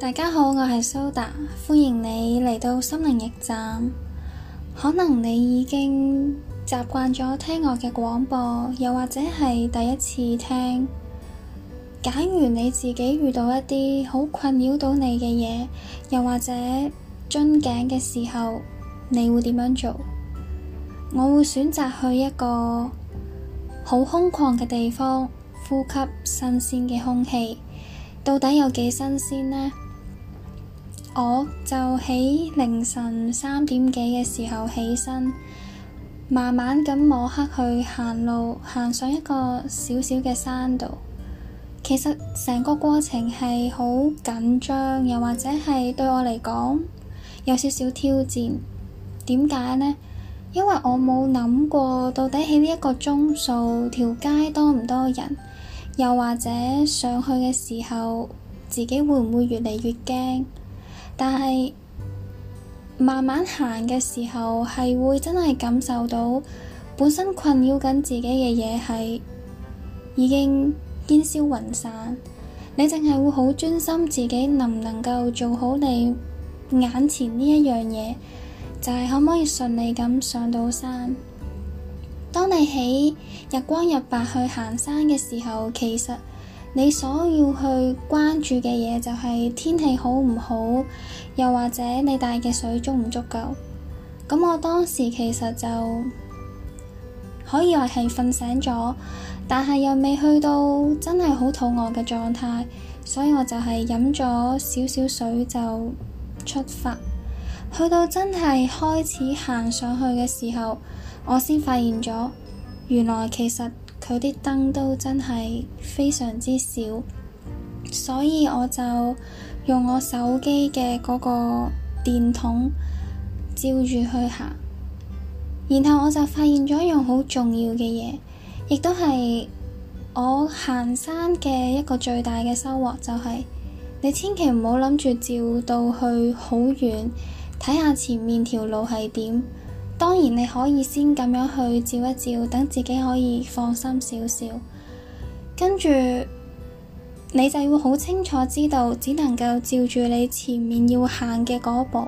大家好，我係蘇達，歡迎你嚟到心靈驛站。可能你已經習慣咗聽我嘅廣播，又或者係第一次聽。假如你自己遇到一啲好困擾到你嘅嘢，又或者樽頸嘅時候，你會點樣做？我會選擇去一個好空曠嘅地方，呼吸新鮮嘅空氣。到底有幾新鮮呢？我就喺凌晨三點幾嘅時候起身，慢慢咁摸黑去行路，行上一個小小嘅山度。其實成個過程係好緊張，又或者係對我嚟講有少少挑戰。點解呢？因為我冇諗過到底喺呢一個鐘數條街多唔多人，又或者上去嘅時候自己會唔會越嚟越驚。但係慢慢行嘅時候，係會真係感受到本身困擾緊自己嘅嘢係已經煙消雲散。你淨係會好專心自己能唔能夠做好你眼前呢一樣嘢，就係可唔可以順利咁上到山。當你喺日光日白去行山嘅時候，其實。你所要去關注嘅嘢，就係天氣好唔好，又或者你帶嘅水足唔足夠。咁我當時其實就可以話係瞓醒咗，但係又未去到真係好肚餓嘅狀態，所以我就係飲咗少少水就出發。去到真係開始行上去嘅時候，我先發現咗，原來其實。佢啲燈都真係非常之少，所以我就用我手機嘅嗰個電筒照住去行，然後我就發現咗一樣好重要嘅嘢，亦都係我行山嘅一個最大嘅收穫，就是，就係你千祈唔好諗住照到去好遠，睇下前面條路係點。當然你可以先咁樣去照一照，等自己可以放心少少。跟住你就要好清楚知道，只能夠照住你前面要行嘅嗰步。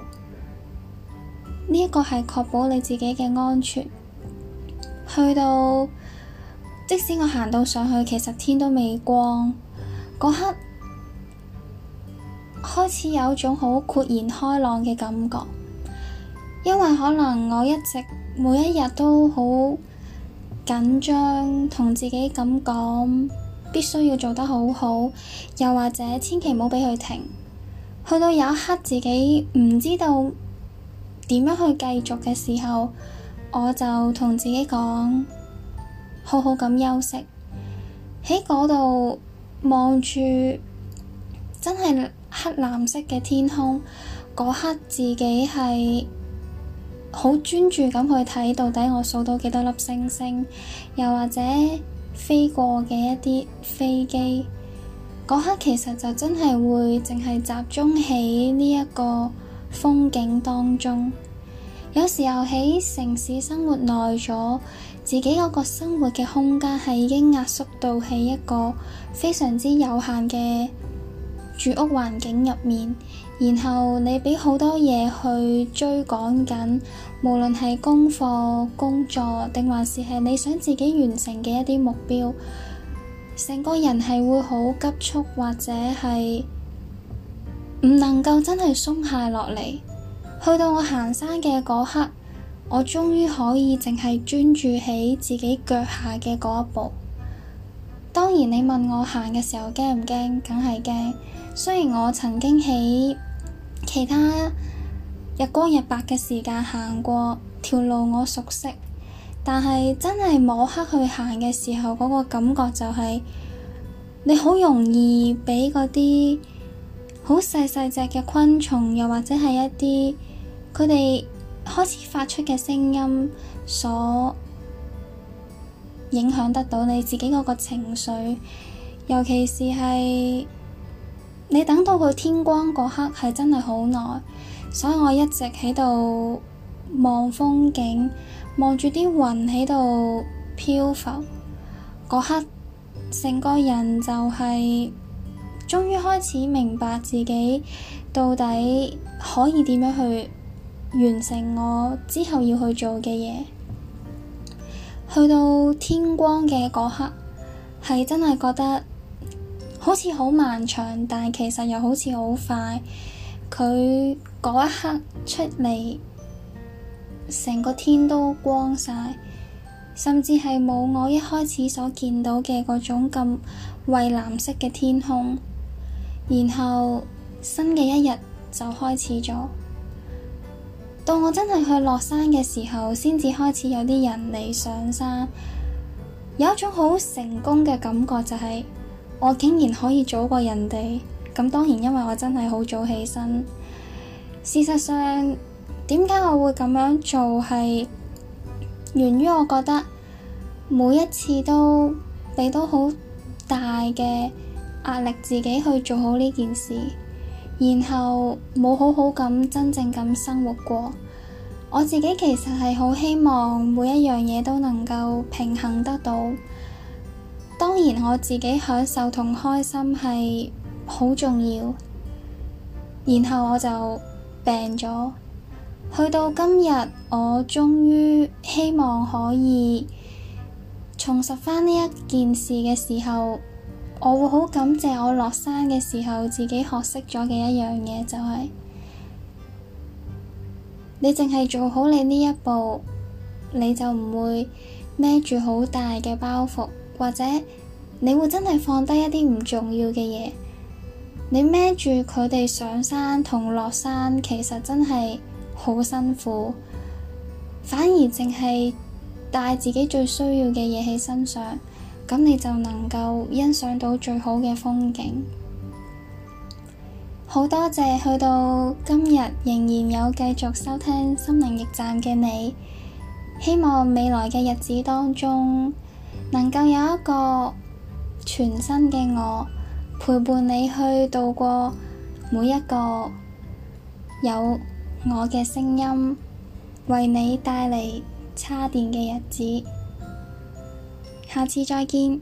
呢一個係確保你自己嘅安全。去到即使我行到上去，其實天都未光，嗰刻開始有種好豁然開朗嘅感覺。因為可能我一直每一日都好緊張，同自己咁講，必須要做得好好，又或者千祈唔好畀佢停。去到有一刻自己唔知道點樣去繼續嘅時候，我就同自己講，好好咁休息。喺嗰度望住真係黑藍色嘅天空。嗰刻自己係。好專注咁去睇，到底我數到幾多粒星星，又或者飛過嘅一啲飛機，嗰刻其實就真係會淨係集中喺呢一個風景當中。有時候喺城市生活耐咗，自己嗰個生活嘅空間係已經壓縮到喺一個非常之有限嘅住屋環境入面，然後你畀好多嘢去追趕緊，無論係功課、工作定還是係你想自己完成嘅一啲目標，成個人係會好急促或者係唔能夠真係鬆懈落嚟。去到我行山嘅嗰刻，我終於可以淨係專注喺自己腳下嘅嗰一步。當然你問我行嘅時候驚唔驚，梗係驚。雖然我曾經喺其他日光日白嘅時間行過條路，我熟悉，但係真係摸黑去行嘅時候，嗰、那個感覺就係、是、你好容易畀嗰啲好細細隻嘅昆蟲，又或者係一啲佢哋開始發出嘅聲音所，影響得到你自己嗰個情緒，尤其是係你等到個天光嗰刻，係真係好耐，所以我一直喺度望風景，望住啲雲喺度漂浮嗰刻，成個人就係終於開始明白自己到底可以點樣去完成我之後要去做嘅嘢。去到天光嘅嗰刻，係真係覺得好似好漫長，但係其實又好似好快。佢嗰一刻出嚟，成個天都光晒，甚至係冇我一開始所見到嘅嗰種咁蔚藍色嘅天空。然後新嘅一日就開始咗。到我真係去落山嘅時候，先至開始有啲人嚟上山，有一種好成功嘅感覺，就係，就係我竟然可以早過人哋。咁當然，因為我真係好早起身。事實上，點解我會咁樣做，係源於我覺得每一次都俾到好大嘅壓力，自己去做好呢件事。然後冇好好咁真正咁生活過，我自己其實係好希望每一樣嘢都能夠平衡得到。當然我自己享受同開心係好重要。然後我就病咗，去到今日我終於希望可以重拾返呢一件事嘅時候。我會好感謝我落山嘅時候自己學識咗嘅一樣嘢，就係你淨係做好你呢一步，你就唔會孭住好大嘅包袱，或者你會真係放低一啲唔重要嘅嘢。你孭住佢哋上山同落山，其實真係好辛苦，反而淨係帶自己最需要嘅嘢喺身上。咁你就能夠欣賞到最好嘅風景。好多謝去到今日仍然有繼續收聽心靈驛站嘅你，希望未來嘅日子當中能夠有一個全新嘅我陪伴你去度過每一個有我嘅聲音為你帶嚟叉電嘅日子。下次再見。